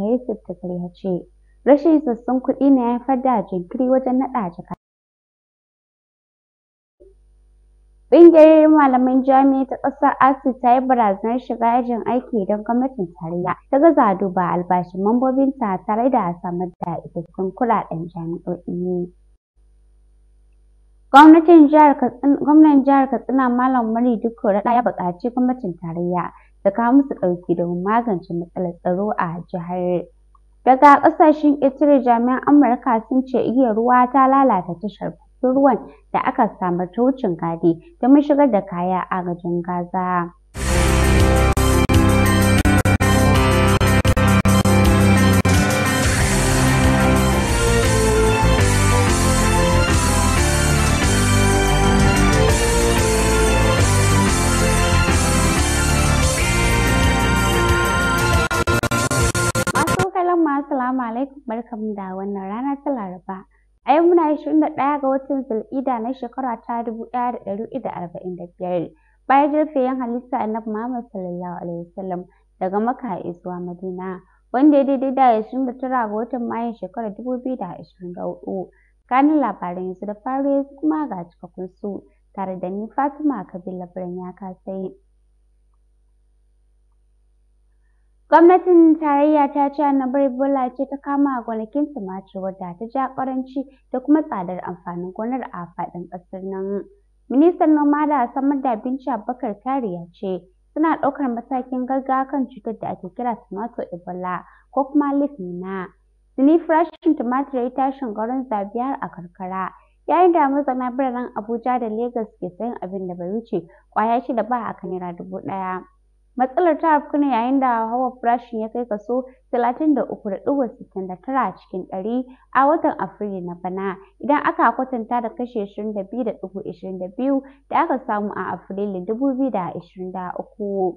da Yusuf Tukur rashin isassun kuɗi na ya haifar da jinkiri wajen naɗa jaka. Ƙungiyar malaman jami'a ta ƙasar Asir ta yi barazanar shiga yajin aiki don gwamnatin tarayya ta gaza duba albashin mambobinta tare da samar da isassun kuɗaɗen jami'o'i. Gwamnatin jihar Katsina Malam Muri Dikko ya buƙaci gwamnatin tarayya da kawo musu ɗauki domin magance matsalar tsaro a jihar. Daga ƙasashen ƙetare jami'an Amurka sun ce igiyar ruwa ta lalata tashar bakin ruwan da aka samar ta wucin gadi domin shigar da kaya a agajin Gaza. alaikum barkamu da wannan rana ta Laraba. A yau muna ɗaya ga watan Zulƙida na shekara ta dubu ɗaya da da da ɗari arba'in biyar bayan jirfeyen halitta Annabi Muhammad sallallahu alaihi wasallam daga Makka zuwa Madina wanda ya daidai da 29 ga watan Mayu shekarar 2024. Kanin labaran yanzu da fari kuma ga cikakkun su tare da ni Fatima Kabila Birnin ya kasai. Gwamnatin tarayya ta ce annobar Ebola ce ta kama a gonakin tumatir wadda ta ja ƙaranci da kuma tsadar amfanin gonar a faɗin ƙasar nan. Ministan noma da samar da abinci Abubakar Kari ya ce suna ɗaukar matakin gaggawa kan cutar da ake kira tumatir Ebola ko kuma Lif Nina. Sini farashin tumatir ya tashin garin zabiyar a karkara yayin da mazana biranen Abuja da Legas ke sayan abin da bai wuce kwaya shida ba a kanera dubu ɗaya. Matsalar ta afku ne yayin da hawa farashin ya kai kaso 33.69 a cikin ɗari a watan Afrilu na bana, idan aka kwatanta da kashi 22.22 da aka samu a afrilu 2023.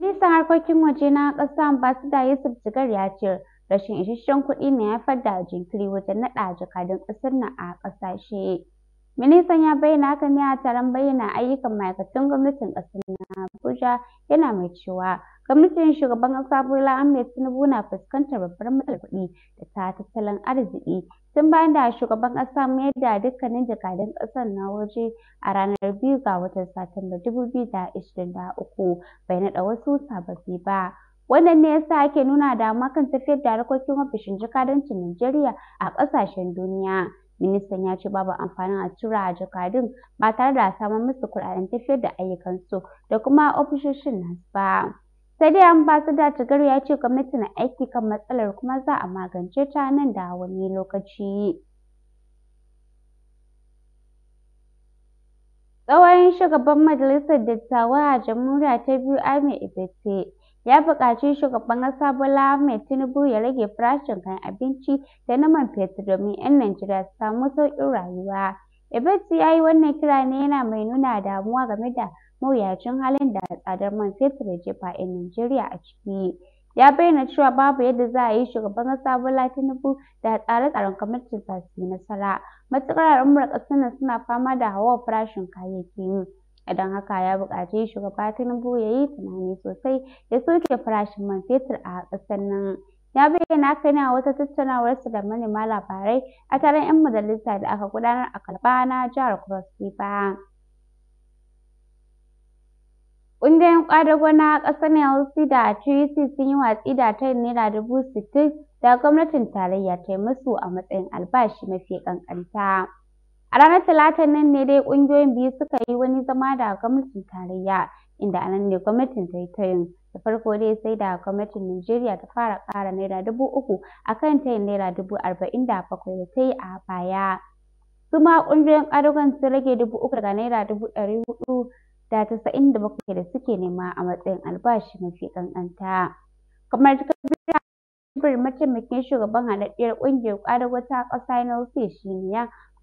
nisan harkokin waje na ƙasa da Yusuf Jigar ya ce rashin isasshen kuɗi ne ya haifar da jinkiri wajen naɗa jakadun ƙasar na a ƙasashe. Ministan ya bayyana haka ne a taron bayyana ayyukan ma'aikatan gwamnatin ƙasar na Abuja yana mai cewa gwamnatin shugaban ƙasa Bola Ahmed Tinubu na fuskantar babbar matsalar kuɗi da ta tattalin arziki tun bayan da shugaban ƙasa mayar da dukkanin jakadun ƙasar na waje a ranar biyu ga watan Satumba dubu biyu da ishirin da uku bai naɗa wasu sababbi ba. Wannan ne yasa ake nuna damuwa kan tafiyar da harkokin ofishin jakadancin Najeriya a ƙasashen duniya. Ministan ya ce babu amfanin a tura a jakadun ba tare da samar musu kuɗaɗen tafiyar da ayyukan ayyukansu da kuma ofishoshin nan ba. Sai dai an ba su da Tagaru ya ce gwamnati na aiki kan matsalar kuma za a magance ta nan da wani lokaci. tsawon shugaban majalisar dattawa a jamhuriya ta biyu Ahmed Ibete ya buƙaci shugaban ƙasa Bola Ahmed Tinubu ya rage farashin kayan abinci da na man fetur domin 'yan Najeriya su samu sauƙin rayuwa. Ibets ya yi wannan kira ne yana mai nuna damuwa game da mawuyacin halin da tsadar man fetur ya jefa 'yan Najeriya a ciki. Ya bayyana cewa babu yadda za a yi shugaban ƙasa Bola Tinubu da tsare-tsaren gwamnatinsa su yi nasara, matuƙar al'ummar ƙasar suna fama da hauhawar farashin kayayyaki. idan haka ya buƙaci shugaba tinubu ya yi tunani sosai ya soke farashin man fetur a ƙasar nan ya bayyana haka ne a wata tattaunawarsa da manema labarai a taron 'yan majalisa da aka gudanar a kalba na jihar cross river ƙungiyoyin ƙwadago na ƙasar hausi da tuc sun yi watsi da ta naira dubu sittin da gwamnatin tarayya ta yi musu a matsayin albashi mafi ƙanƙanta A ranar Talatan nan ne dai ƙungiyoyin biyu suka yi wani zama da gwamnatin tarayya, inda a nan ne gwamnatin ta yi tayin. Da farko dai sai da gwamnatin Najeriya ta fara ƙara naira dubu uku a kan tayin naira dubu arba'in da bakwai da ta yi a baya. Su ma ƙungiyoyin ƙadogon sun rage dubu uku daga naira dubu ɗari huɗu da tasa'in da bakwai da suke nema a matsayin albashi mafi ƙanƙanta. Kamar ta mataimakin shugaban haɗaɗɗiyar ƙungiyar ƙwadago ta ƙasa na NLC ya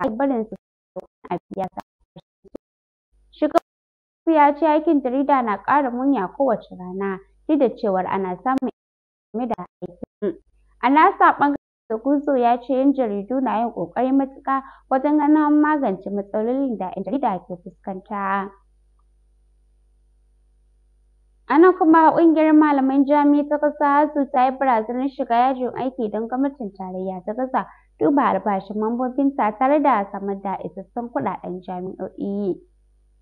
a barin su a biya sa shugaban ya ce aikin jarida na ƙara munya kowace rana duk da cewar ana samun game da aikin a nasa ɓangaren guzo ya ce yan jaridu na yin ƙoƙari matuƙa wajen ganin magance matsalolin da yan jarida ke fuskanta A nan kuma ƙungiyar malaman jami'a ta ƙasa ASUU ta yi barazanar shiga yajin aiki don gwamnatin tarayya ta gaza duba albashin mambobin mambobinta tare da samar da isassun kuɗaɗen jami'o'i.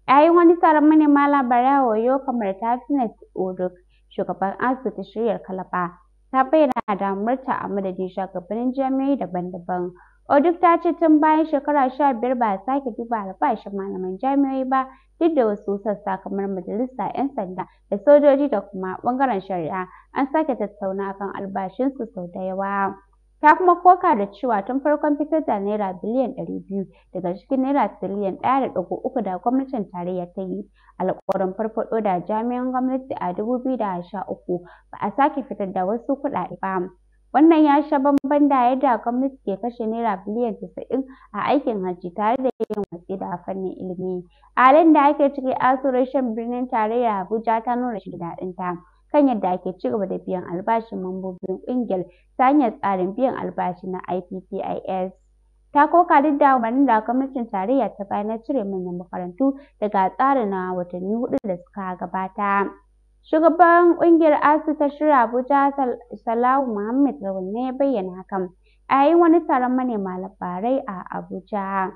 Yayin wani taron manema labarai a Oyo kamar ta Happiness Oduk, shugaban asibiti shiryar Kalaba, ta bayyana damuwarta a madadin shugabannin jami'o'i daban-daban. Oduk ta ce tun bayan shekara sha biyar ba a sake duba albashin malaman jami'o'i ba duk da wasu sassa kamar majalisa 'yan sanda da sojoji da kuma ɓangaren shari'a an sake tattauna kan albashinsu sau da yawa. ta kuma koka da cewa tun farkon fitar da naira biliyan ɗari biyu daga cikin naira tiriliyan ɗaya da uku da gwamnatin tarayya ta yi alƙawarin farfaɗo da jami'an gwamnati a dubu biyu da uku ba a sake fitar da wasu kuɗaɗe ba wannan ya sha bamban da yadda gwamnati ke kashe naira biliyan casa'in a aikin hajji tare da yin watsi da fannin ilimi a da ake ciki asurar shan birnin tarayya abuja ta nuna shi daɗinta kan yadda ake ci gaba da biyan albashin mambobin ƙungiyar ta hanyar tsarin biyan albashi na IPPIS. Ta koka duk da umarnin da gwamnatin tarayya ta bayar na cire manyan makarantu daga tsarin na watanni hudu da suka gabata. Shugaban ƙungiyar ASU ta shirya Abuja Salahu Muhammad rauni ya bayyana hakan a yayin wani taron manema labarai a Abuja.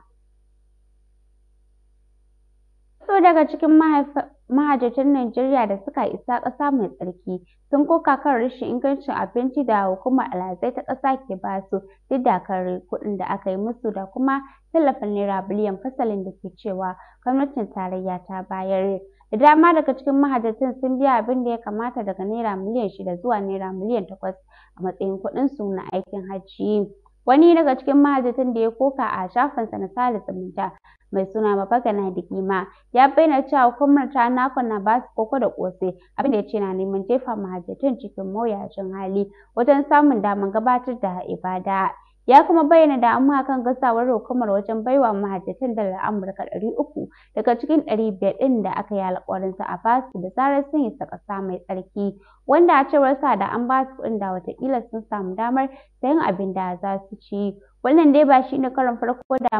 Wasu daga cikin mahaifa mahajjatan Najeriya da suka isa ƙasa mai tsarki sun koka kan rashin ingancin abinci da hukumar alhazai ta ƙasa ke ba su duk da kare kuɗin da aka yi musu da kuma tallafin naira biliyan fasalin da ke cewa gwamnatin tarayya ta bayar. Da dama daga cikin mahajjatan sun biya abin da ya kamata daga naira miliyan shida zuwa naira miliyan takwas a matsayin kuɗin su na aikin hajji. Wani daga cikin mahajjatan da ya koka a shafinsa na sada zumunta mai suna Mapaka Dikima ya bayyana cewa hukumar ta nakon na su koko da kosai abinda ya ce na neman jefa mahajjatan cikin mawuyacin hali wajen samun damar gabatar da ibada. ya kuma bayyana da amma kan gasawar hukumar wajen baiwa mahajjatan dalar Amurka ɗari uku daga cikin ɗari biyar ɗin da aka yi alƙawarin sa a basu da zarar sun isa ƙasa mai tsarki wanda a cewar sa da an basu kuɗin da watakila sun samu damar sayan abin da za su ci wannan dai ba shi ne karon farko da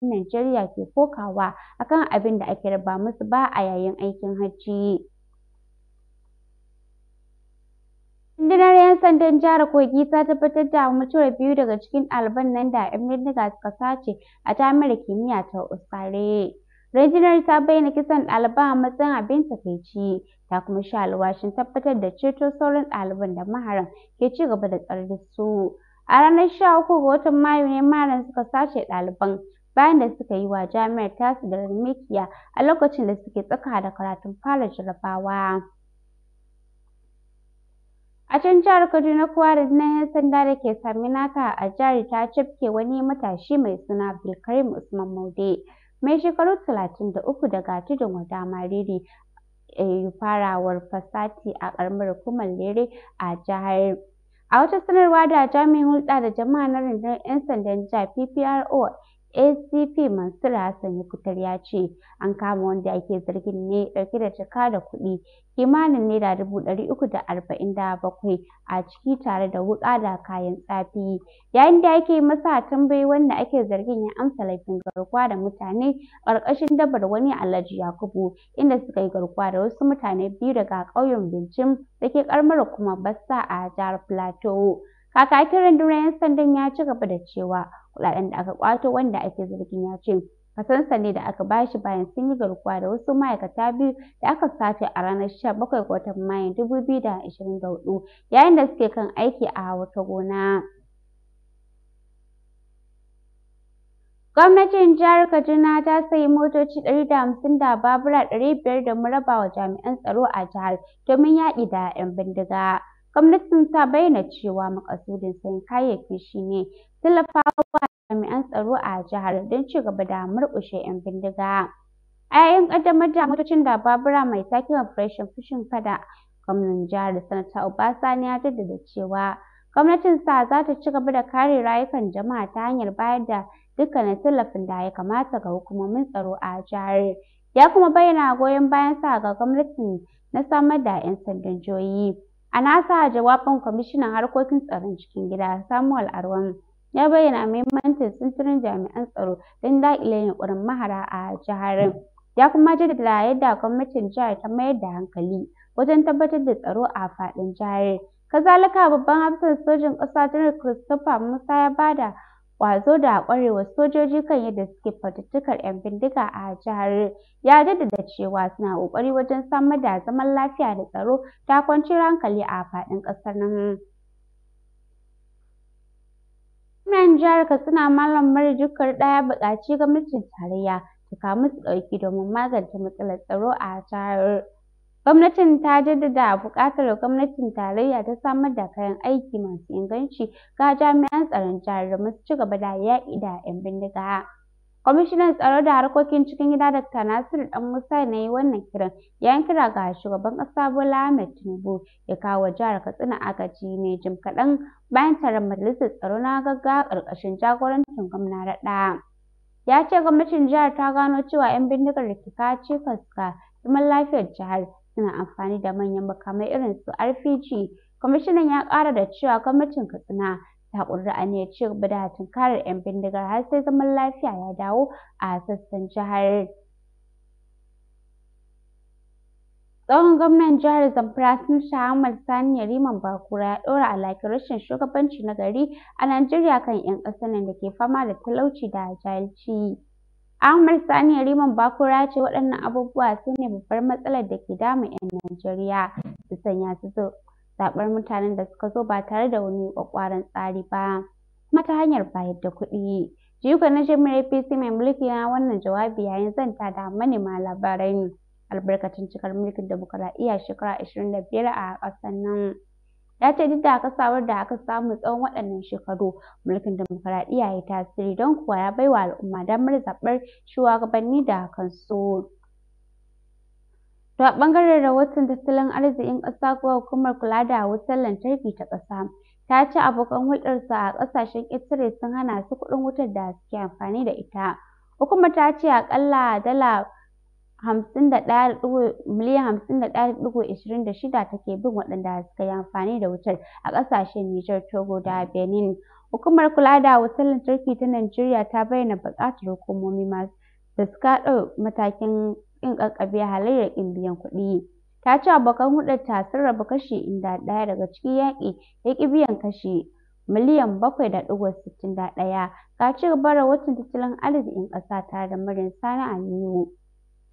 Najeriya ke kokawa akan abin da ake raba musu ba a yayin aikin Hajji. Rundunar 'Yan Sandan Jihar Kogi ta tabbatar da mutuwar biyu daga cikin ɗaliban nan da 'yan bindiga suka sace a Jami'ar Kimiyya ta Usare. Rundunar ta bayyana kisan ɗaliban a matsayin abin takaici, ta kuma sha alwashin tabbatar da ceto sauran ɗaliban da maharan ke ci gaba da tsare su. A ranar 13 ga watan Mayu ne maharan suka sace ɗaliban bayan da suka yi wa jami'ar da darbekiya a lokacin da suke tsaka da karatun fara jarabawa A can jihar Kaduna kuwa rundunar 'yan sanda da ke sami naka, a jihar ta cafke wani matashi mai suna Bilkarim Usman Maude mai shekaru talatin da 33 daga tudun wada Mariri farawar fasati a karamar hukumar Lere a jihar. A wata sanarwa da jami'in hulɗa da jama'a na rundunar 'yan sandan jihar PPRO acp mansur hassan kutar ya ce an kama wanda ake zargin ne dauke da jaka da kuɗi kimanin naira dubu ɗari uku da arba'in da bakwai a ciki tare da wuƙa da kayan tsafi yayin da ake masa tambayi wanda ake zargin ya amsa laifin garkuwa da mutane ƙarƙashin dabar wani alhaji yakubu inda suka yi garkuwa da wasu mutane biyu daga ƙauyen bincin da ke ƙaramar kuma bassa a jihar plateau kakakin rundunar 'yan sandan ya ci gaba da cewa kuɗaɗen da aka ƙwato wanda ake zargin ya ce kasansa ne da aka bashi bayan sun yi garkuwa da wasu ma'aikata biyu da aka sace a ranar 17 ga watan Mayu 2024 yayin da suke kan aiki a wata gona. Gwamnatin jihar Kaduna ta sayi motoci 150 da babura 500 da murabawa jami'an tsaro a jihar domin yaƙi da 'yan bindiga. Gwamnatin ta bayyana cewa makasudin sayen kayayyakin shi ne tallafawa jami'an tsaro a jihar don ci gaba da murƙushe 'yan bindiga. A yayin ƙaddamar da motocin da babura mai takin Operation Fushin Kada, gwamnan jihar Sanata Obasani ya jaddada cewa gwamnatin sa za ta ci gaba da kare rayukan jama'a ta hanyar bayar da dukkanin tallafin da ya kamata ga hukumomin tsaro a jihar. Ya kuma bayyana goyon bayan sa ga gwamnatin na samar da 'yan sandan jihohi. A nasa jawabin Kwamishinan Harkokin Tsaron Cikin Gida, Samuel Arwan, ya bayyana muhimmancin sintirin jami'an tsaro don daƙile yunƙurin mahara a jihar. Ya kuma jaddada yadda gwamnatin jihar ta mayar da hankali wajen tabbatar da tsaro a faɗin jihar. Kazalika, Babban Hafsan Sojin ƙasa Janar Christopher Musa ya bada ƙwazo da ƙwarewar sojoji kan yadda suke fatattakar 'yan bindiga a jihar ya jaddada cewa suna ƙoƙari wajen samar da zaman lafiya da tsaro ta kwanciyar hankali a faɗin ƙasar nan. Gwamnan jihar Katsina Malam Mari Jukar ɗaya buƙaci gwamnatin tarayya ta kawo musu ɗauki domin magance matsalar tsaro a jihar. Gwamnatin ta jaddada buƙatar gwamnatin tarayya ta samar da kayan aiki masu inganci ga jami'an tsaron jihar domin su ci gaba da yaƙi da 'yan bindiga. Kwamishinan Tsaro da Harkokin Cikin Gida Dr. Nasiru musa ne ya yi wannan kiran yayin kira ga Shugaban ƙasa Bola Ahmed Tinubu ya kawo wa jihar Katsina agaji ne jim kaɗan bayan taron Majalisar Tsaro na gaggawa ƙarƙashin jagorancin Gwamna Raɗa. Ya ce gwamnatin jihar ta gano cewa 'yan bindigar da ke kawo cikas ga zaman lafiyar jihar suna amfani da manyan makamai irin su RPG. Kwamishinan ya ƙara da cewa gwamnatin Katsina ta ƙudiri aniyar ci gaba da tunkarar 'yan bindigar har sai zaman lafiya ya dawo a sassan jihar. Tsohon gwamnan jihar Zamfara sha Ahmad Sani Yariman Bakura ya ɗora alhakin rashin shugabanci na gari a Najeriya kan 'yan ƙasar nan da ke fama da talauci da jahilci. Ahmad Sani Yariman Bakura ya ce waɗannan abubuwa su ne babbar matsalar da ke damun 'yan Najeriya su sanya su zaɓar mutanen da suka zo ba tare da wani ƙwaƙƙwaran tsari ba kuma ta hanyar bayar da kuɗi. Jigo na Jami'ar APC mai mulki na wannan jawabi yayin zanta da manema labarai albarkacin cikar mulkin demokuraɗiyya shekara biyar a ƙasar nan. Ya ce duk da kasawar da aka samu tsawon waɗannan shekaru, mulkin dimokuraɗiyya ya yi tasiri don kuwa ya bai wa al'umma damar zaɓar shugabanni da kansu. To a ɓangaren rahoton tattalin arzikin ƙasa kuwa hukumar kula da wutar lantarki ta ƙasa ta ce abokan hulɗarsa a ƙasashen ƙetare sun hana su kuɗin wutar da suke amfani da ita. Hukumar ta ce aƙalla dala hamsin hamsin da ishirin da shida take bin waɗanda suka yi amfani da wutar a ƙasashen Nijar, Togo da mm. Benin. Hukumar kula da wutar lantarki ta Najeriya ta bayyana buƙatar hukumomi masu da suka matakin ƙin ƙaƙƙabe halayyar ƙin biyan kuɗi. Ta ce abokan huɗu ta sarrafa kashi inda ɗaya daga cikin yaƙi ya ƙi biyan kashi miliyan bakwai da sittin da ɗaya. ci gaba da rahoton tattalin arzikin ƙasa tare da Maryam Sani Aliyu.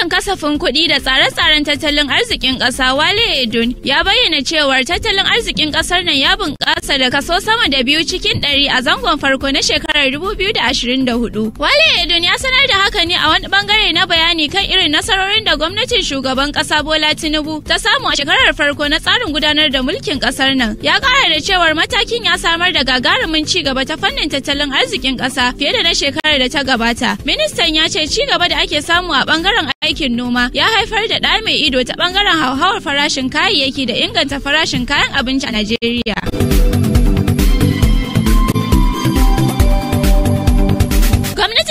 Ministan kasafin kuɗi da tsare-tsaren tattalin arzikin ƙasa Wale Edun ya bayyana cewar tattalin arzikin ƙasar nan ya bunƙasa da kaso sama da biyu cikin ɗari a zangon farko na shekarar da 2024. Wale Edun ya sanar da haka ne a wani bangare na bayani kan irin nasarorin da gwamnatin shugaban ƙasa Bola Tinubu ta samu a shekarar farko na tsarin gudanar da mulkin ƙasar nan. Ya ƙara da cewar matakin ya samar da gagarumin ci gaba ta fannin tattalin arzikin ƙasa fiye da na shekarar da ta gabata. Ministan ya ce ci gaba da ake samu a bangaren aikin noma ya haifar da ɗa mai ido ta ɓangaren hauhawar farashin kayayyaki da inganta farashin kayan abinci a Najeriya.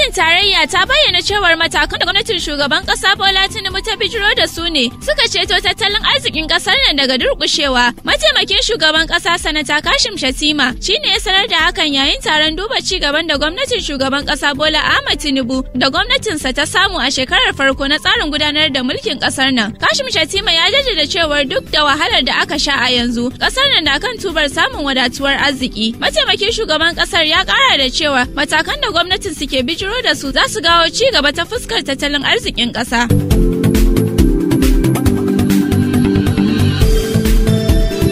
gwamnatin tarayya ta bayyana cewar matakan da gwamnatin shugaban kasa Bola Tinubu ta bijiro da su ne suka ceto tattalin arzikin kasar nan daga durkushewa. Mataimakin shugaban kasa sanata Kashim Shatima shine ya sanar da hakan yayin taron duba ci gaban da gwamnatin shugaban kasa Bola Ahmed Tinubu da gwamnatinsa ta samu a shekarar farko na tsarin gudanar da mulkin kasar nan. Kashim Shatima ya jaddada cewar duk da wahalar da aka sha a yanzu kasar nan na kan tubar samun wadatuwar arziki. Mataimakin shugaban kasar ya kara da cewa matakan da gwamnatin suke bijiro da su za su gawo ci gaba ta fuskar tattalin arzikin ƙasa.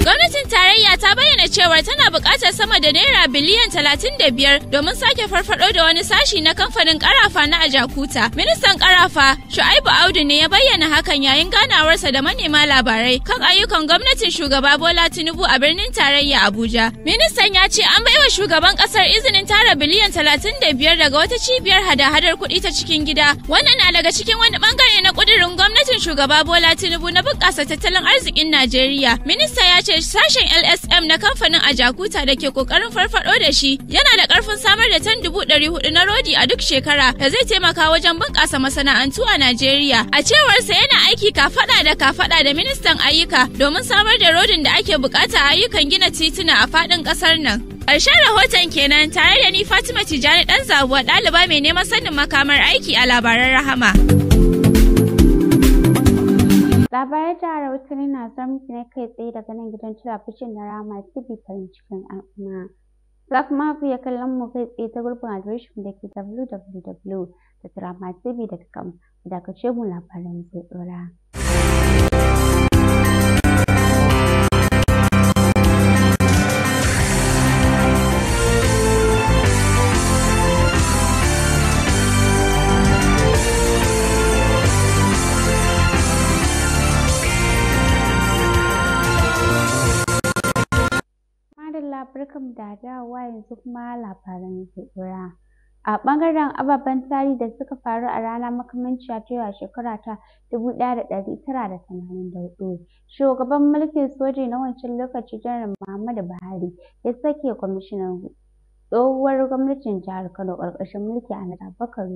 Gwamnatin tarayya ta bayyana cewar tana buƙatar sama da naira biliyan 35 domin sake farfado da wani sashi na kamfanin karafa na Ajakuta. Ministan karafa Shu'aibu Audu ne ya bayyana hakan yayin ganawarsa da manema labarai kan ayyukan gwamnatin shugaba Bola Tinubu a birnin tarayya Abuja. Ministan ya ce an baiwa shugaban ƙasar izinin tara biliyan 35 daga wata cibiyar hada-hadar kuɗi ta cikin gida. Wannan na daga cikin wani bangare na ƙudurin gwamnatin shugaba Bola Tinubu na bunƙasa tattalin arzikin Najeriya. Minista ya ce sashen LSM na kamfanin Ajakuta kwamfuta da ke kokarin farfado da shi yana da karfin samar da tan dubu ɗari hudu na rodi a duk shekara da zai taimaka wajen bunƙasa masana'antu a Najeriya. A cewar sa yana aiki kafaɗa da kafaɗa da ministan ayyuka domin samar da rodin da ake bukata a ayyukan gina tituna a faɗin ƙasar nan. Ƙarshen rahoton kenan tare da ni Fatima Tijani ɗan zabuwa ɗaliba mai neman sanin makamar aiki a labaran rahama. labarai jihar Hausari na zuwar kai tsaye daga nan gidan talabijin na rama TV farin cikin al'umma. Za kuma ku kallon mu kai tsaye ta gurbin adireshin da ke www.ramatv.com. da ka ce mu labaran zai ɗora. barkan mu da dawowa yanzu kuma labaran gobara. A ɓangaren ababen tarihi da suka faru a ranar makamanciya ta yau a shekara ta dubu ɗaya da ɗari tara da tamanin da huɗu, shugaban mulkin soji na wancan lokaci Janar Muhammadu Buhari ya sake kwamishinan tsohuwar gwamnatin jihar Kano ƙarƙashin Mulki Alhaji Abubakar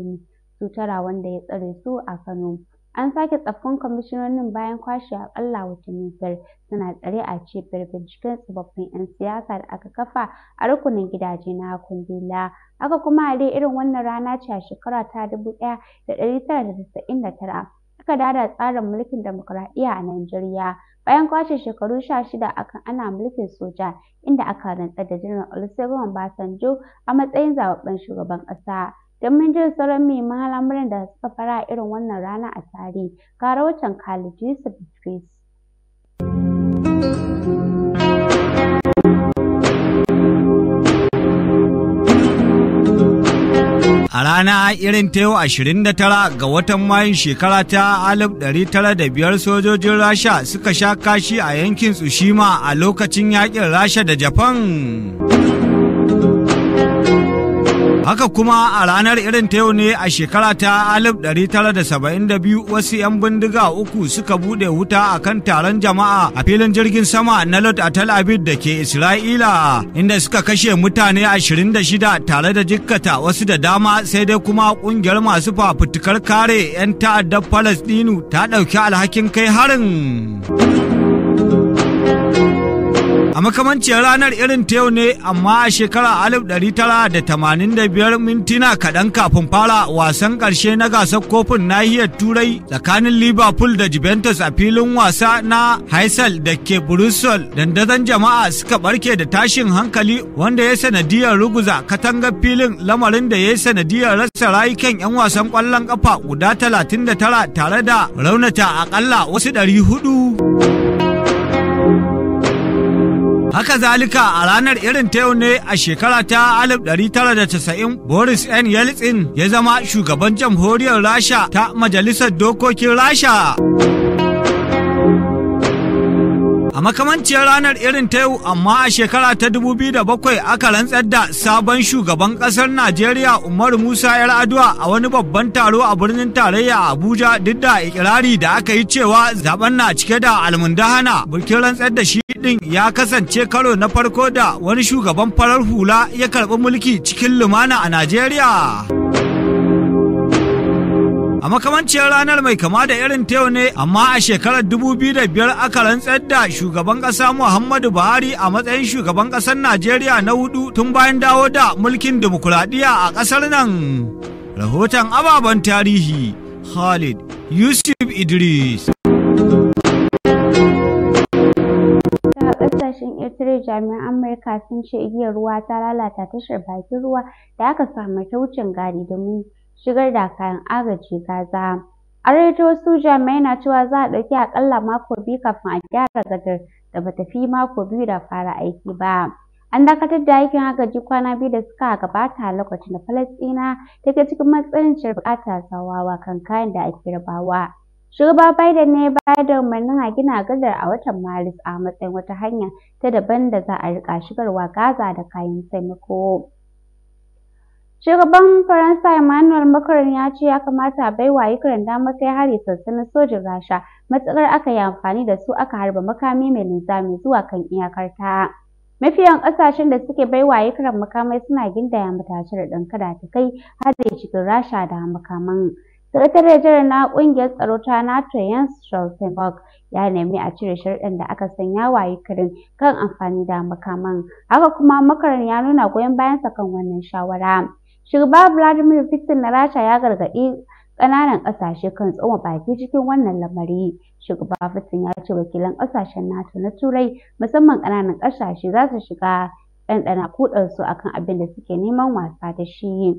Sutura wanda ya tsare su a Kano. An sake tsaffin kwamishinonin bayan kwashe a aƙalla watanni biyar suna tsare a Cibiyar Binciken Tsofaffin 'Yan Siyasa da aka kafa a rukunin gidaje na Kundila, aka kuma a irin wannan rana ce a shekara ta 1999 aka tara da tsarin mulkin dimukuraɗiyya a Najeriya bayan kwashe shekaru 16 a kan ana mulkin soja, inda aka rantsar da Janar Olusegun Obasanjo a matsayin zaɓaɓɓen shugaban ƙasa. don mun ji sauran muhimman al'amuran da suka fara a irin wannan rana a tarihi ga rahoton Khalid Yusuf Idris. A rana irin ta yau 29 ga watan Mayun shekara ta alif tara da biyar sojojin Rasha suka sha kashi a yankin Tsushima a lokacin yakin Rasha da Japan. Haka kuma a ranar irin ta yau ne a shekara ta 1972 wasu 'yan bindiga uku suka bude wuta a kan taron jama'a a filin jirgin sama na Lot a Tel Aviv da ke Isra'ila inda suka kashe mutane 26 tare da jikkata wasu da dama sai dai kuma kungiyar masu fafutukar kare 'yan ta'addar Falasdinu ta ɗauki alhakin kai harin. A makamancin ranar irin ta yau ne amma a shekara alif ɗari tara da da tamanin biyar mintina kaɗan kafin fara wasan ƙarshe na gasar kofin nahiyar Turai tsakanin Liverpool da Juventus a filin wasa na Haisal da ke Brussels dandazon jama'a suka ɓarke da tashin hankali wanda ya sanadiyar ruguza katangar filin lamarin da ya sanadiyar rasa rayukan 'yan wasan ƙwallon ƙafa guda 39 tare da raunata aƙalla wasu 400. Haka zalika a ranar irin ta ne a shekara ta 1990 Boris N. Yeltsin ya zama shugaban jamhuriyar Rasha ta Majalisar Dokokin Rasha. makamanciyar ranar irin ta yau amma a shekara ta 2007 aka rantsar da sabon shugaban kasar Najeriya Umaru Musa Yar'adua a wani babban taro a birnin tarayya Abuja duk da ikirari da aka yi cewa zaben na cike da almundahana bikin rantsar da shi din ya kasance karo na farko da wani shugaban farar hula ya karɓi mulki cikin lumana a Najeriya. A makamanciyar ranar mai kama da irin ta ne amma a shekarar 2005 aka rantsar da shugaban ƙasa Muhammadu Buhari a matsayin shugaban ƙasar Najeriya na hudu tun bayan dawo da mulkin dimokuraɗiyya a ƙasar nan. Rahoton ababen tarihi Khalid Yusuf Idris. kasashen ƙetare jami'an amurka sun ce igiyar ruwa ta lalata tashar bakin ruwa da aka samu ta wucin da mu shigar da kayan agaji Gaza. An rawaito wasu jami'ai na cewa za a ɗauki aƙalla mako biyu kafin a gyara gadar da ba ta fi mako biyu da fara aiki ba. An dakatar da aikin agaji kwana biyu da suka gabata a lokacin da Falasɗina ke cikin matsananciyar buƙatar tsawawa kan kayan da ake rabawa. Shugaba Biden ne bayar da umarnin a gina gadar a watan Maris a matsayin wata hanya ta daban da za a riƙa shigarwa Gaza da kayan taimako. Shugaban Faransa Emmanuel Macron ya ce ya kamata a baiwa Ukraine damar kai hari sansanin sojin Rasha matsalar aka yi amfani da su aka harba makami mai linzami zuwa kan iyakar ta. Mafiyan ƙasashen da suke baiwa Ukraine makamai suna gindaya mata ɗin kada ta kai hari cikin Rasha da makaman. Sakatare jiran na ƙungiyar tsaro ta NATO Jens Stoltenberg ya nemi a cire sharɗin da aka sanya wa Ukraine kan amfani da makaman. Haka kuma Macron ya nuna goyon bayansa kan wannan shawara. Shugaba Vladimir Putin na Rasha ya gargaɗi ƙananan ƙasashe kan tsoma baki cikin wannan lamari. Shugaba Putin ya ce wakilan ƙasashen NATO na Turai musamman ƙananan ƙasashe za su shiga ɗanɗana kuɗarsu akan abin da suke neman wasa da shi.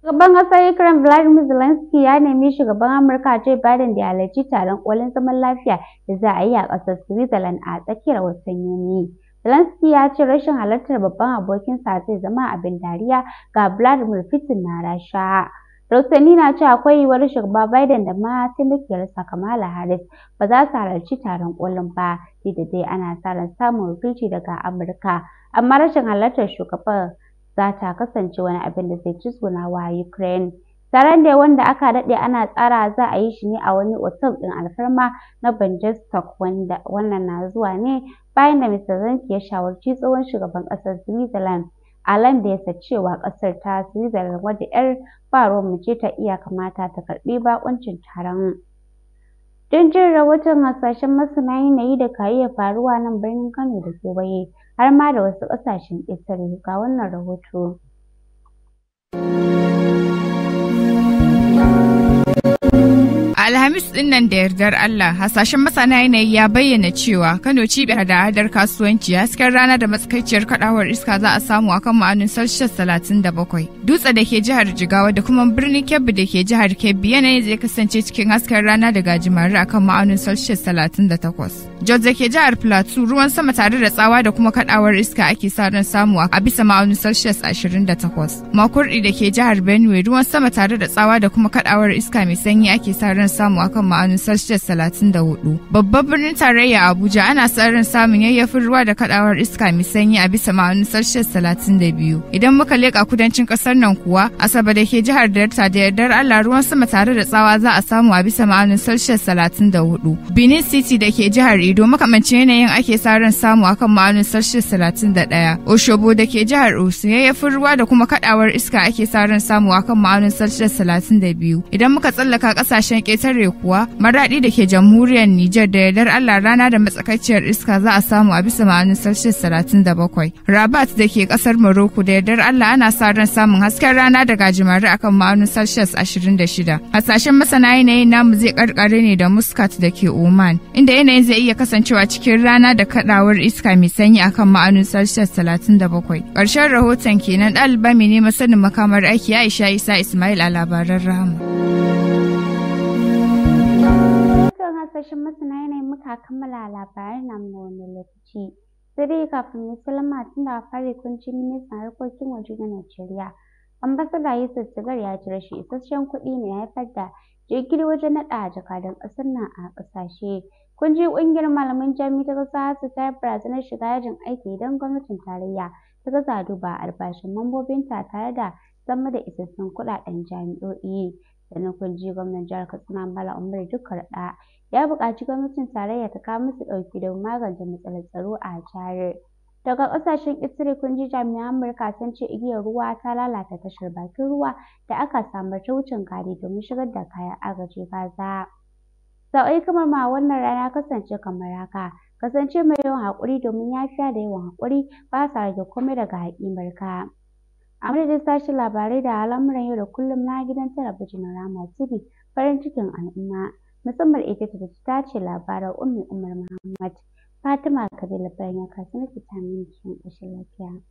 Shugaban ƙasar Ukraine Vladimir Zelensky ya nemi shugaban Amurka Joe Biden da halarci taron kolin zaman lafiya da za a yi a ƙasar Switzerland a tsakiyar watan Yuni. Zelensky ya ce rashin halartar babban abokinsa zai zama abin dariya ga Vladimir Putin na Rasha. Rosani na ce akwai yiwuwar Shugaba Biden da mataimakiyarsa Kamala Harris ba za su halarci taron kolin ba, duk da dai ana sa ran samun wakilci daga Amurka. Amma rashin halartar shugaban za ta kasance wani abin da zai ci wa Ukraine. Taron dai wanda aka daɗe ana tsara za a yi shi ne a wani otal ɗin alfarma na Bangkok wanda wannan na zuwa ne bayan da Mr Zelensky ya shawarci tsohon shugaban ƙasar Switzerland Alain Berset cewa ƙasar ta Switzerland wadda 'yar faruwar mu ce ta iya kamata ta karɓi baƙuncin taron. Don jin rahoton hasashen masana yanayi da ka iya faruwa nan birnin Kano da kewaye har ma da wasu ƙasashen ƙetare ga wannan rahoto. alhamis din da yardar allah hasashen masana yanayi ya bayyana cewa kano cibiyar da hadar kasuwanci hasken rana da matsakaiciyar kadawar iska za a samu akan ma'anin celsius bakwai dutse da ke jihar jigawa da kuma birnin kebbi da ke jihar kebbi yanayi zai kasance cikin hasken rana da gajimare akan ma'anin celsius takwas jos da ke jihar plateau ruwan sama tare da tsawa da kuma kadawar iska ake sa ran samu a bisa ma'anin celsius takwas makurɗi da ke jihar benue ruwan sama tare da tsawa da kuma kadawar iska mai sanyi ake sa ran samu akan ma'anin celsius 34 babban birnin tarayya abuja ana tsarin samun yayyafin ruwa da kadawar iska mai sanyi a bisa ma'anin celsius 32 idan muka leƙa kudancin kasar nan kuwa asaba da ke jihar delta da yardar allah ruwan sama tare da tsawa za a samu a bisa ma'anin celsius 34 benin city da ke jihar Edo makamancin yanayin ake tsarin samu akan ma'anin celsius 31 oshobo da ke jihar osun yayyafin ruwa da kuma kadawar iska ake tsarin samu akan ma'anin celsius 32 idan muka tsallaka kasashen ƙetare tare kuwa maraɗi da ke jamhuriyar Nijar da yardar Allah rana da matsakaiciyar iska za a samu a bisa ma'anin Celsius 37. Rabat da ke kasar Morocco da yardar Allah ana sa ran samun hasken rana da jimare akan ma'anin Celsius shida Hasashen masana yanayin namu zai karkare ne da Muscat da ke Oman inda yanayin zai iya kasancewa cikin rana da kaɗawar iska mai sanyi akan ma'anin Celsius 37. Ƙarshen rahoton kenan ɗaliba mai neman sanin makamar aiki Aisha Isa Ismail a labaran Rahama. ƙarƙashin masana yanayin muka kammala labaran namu na wani lokaci. Sai dai kafin mu sallama tun da fari kun ministan harkokin waje na Najeriya. Ambasada Yusuf ya ji rashin isasshen kuɗi ne ya haifar da jirgin wajen naɗa jakadan ƙasar nan a ƙasashe. Kun ji ƙungiyar malaman jami'a ta ƙasa su ta yi barazanar shiga yajin aiki idan gwamnatin tarayya ta gaza duba albashin mambobinta tare da sama da isassun kuɗaɗen jami'o'i. sannan kun ji gwamnan jihar katsina bala umar duka raɗa. ya buƙaci gwamnatin tarayya ta kawo musu ɗauki domin magance matsalar tsaro a Caire. Daga ƙasashen ƙetare kun ji jami'an Amurka sun ce igiyar ruwa ta lalata tashar bakin ruwa da aka samar ta wucin gadi domin shigar da kayan agaji Gaza. Sa'o'i kuma ma wannan rana kasance kamar haka. Kasance mai yawan haƙuri domin ya yafiya da yawan haƙuri ba sa rage komai daga haƙimarka. A madadin sashen labarai da al'amuran yau da kullum na gidan talabijin Rama TV farin cikin al'umma. musamman ita da ta tace labaran Ummi Umar Muhammad Fatima bayan Barnya Katsina ke ta min cikin ƙoshin lafiya.